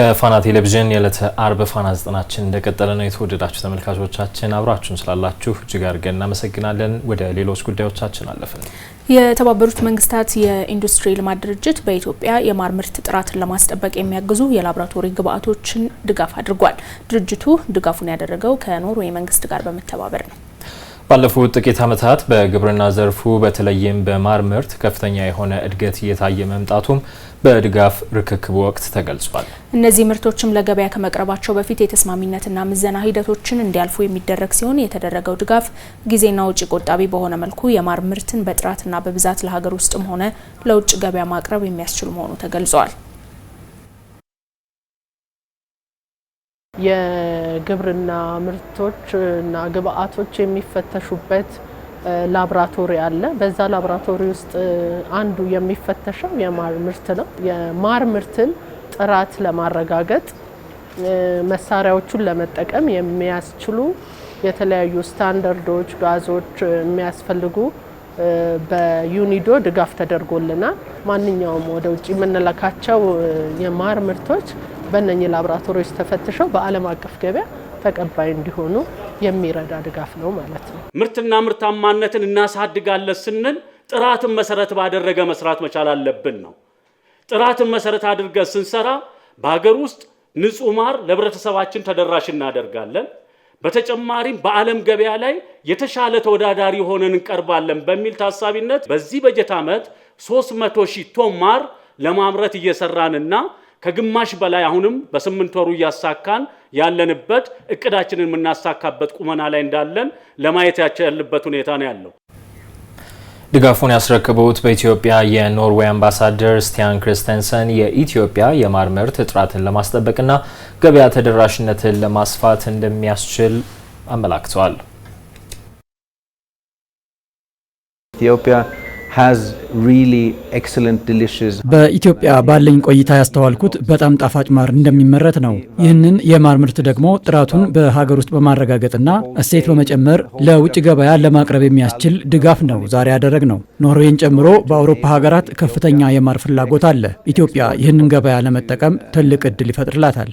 ከፋና ቴሌቪዥን የዕለተ አርብ ፋና ዘጠናችን እንደቀጠለ ነው። የተወደዳችሁ ተመልካቾቻችን አብራችሁን ስላላችሁ እጅግ አድርገን እናመሰግናለን። ወደ ሌሎች ጉዳዮቻችን አለፍን። የተባበሩት መንግስታት የኢንዱስትሪ ልማት ድርጅት በኢትዮጵያ የማር ምርት ጥራትን ለማስጠበቅ የሚያግዙ የላቦራቶሪ ግብዓቶችን ድጋፍ አድርጓል። ድርጅቱ ድጋፉን ያደረገው ከኖርዌይ መንግስት ጋር በመተባበር ነው። ባለፉት ጥቂት ዓመታት በግብርና ዘርፉ በተለይም በማር ምርት ከፍተኛ የሆነ እድገት እየታየ መምጣቱም በድጋፍ ርክክብ ወቅት ተገልጿል። እነዚህ ምርቶችም ለገበያ ከመቅረባቸው በፊት የተስማሚነትና ምዘና ሂደቶችን እንዲያልፉ የሚደረግ ሲሆን የተደረገው ድጋፍ ጊዜና ውጪ ቆጣቢ በሆነ መልኩ የማር ምርትን በጥራትና በብዛት ለሀገር ውስጥም ሆነ ለውጭ ገበያ ማቅረብ የሚያስችል መሆኑ ተገልጿል። የግብርና ምርቶች እና ግብአቶች የሚፈተሹበት ላብራቶሪ አለ። በዛ ላብራቶሪ ውስጥ አንዱ የሚፈተሸው የማር ምርት ነው። የማር ምርትን ጥራት ለማረጋገጥ መሳሪያዎቹን ለመጠቀም የሚያስችሉ የተለያዩ ስታንዳርዶች፣ ጋዞች የሚያስፈልጉ በዩኒዶ ድጋፍ ተደርጎልናል። ማንኛውም ወደ ውጭ የምንለካቸው የማር ምርቶች በእነኚህ ላብራቶሪዎች ተፈትሸው በዓለም አቀፍ ገበያ ተቀባይ እንዲሆኑ የሚረዳ ድጋፍ ነው ማለት ነው። ምርትና ምርታማነትን እናሳድጋለን ስንል ጥራትን መሰረት ባደረገ መስራት መቻል አለብን ነው። ጥራትን መሰረት አድርገን ስንሰራ በሀገር ውስጥ ንጹህ ማር ለህብረተሰባችን ተደራሽ እናደርጋለን። በተጨማሪም በዓለም ገበያ ላይ የተሻለ ተወዳዳሪ ሆነን እንቀርባለን በሚል ታሳቢነት በዚህ በጀት ዓመት 300 ሺህ ቶን ማር ለማምረት እየሰራንና ከግማሽ በላይ አሁንም በስምንት ወሩ እያሳካን ያለንበት እቅዳችንን የምናሳካበት ቁመና ላይ እንዳለን ለማየት ያለበት ሁኔታ ነው ያለው። ድጋፉን ያስረክቡት በኢትዮጵያ የኖርዌይ አምባሳደር ስቲያን ክርስተንሰን የኢትዮጵያ የማር ምርት ጥራትን ለማስጠበቅና ገበያ ተደራሽነትን ለማስፋት እንደሚያስችል አመላክተዋል። በኢትዮጵያ ባለኝ ቆይታ ያስተዋልኩት በጣም ጣፋጭ ማር እንደሚመረት ነው። ይህንን የማር ምርት ደግሞ ጥራቱን በሀገር ውስጥ በማረጋገጥና እሴት በመጨመር ለውጭ ገበያ ለማቅረብ የሚያስችል ድጋፍ ነው ዛሬ ያደረግ ነው። ኖርዌይን ጨምሮ በአውሮፓ ሀገራት ከፍተኛ የማር ፍላጎት አለ። ኢትዮጵያ ይህንን ገበያ ለመጠቀም ትልቅ እድል ይፈጥርላታል።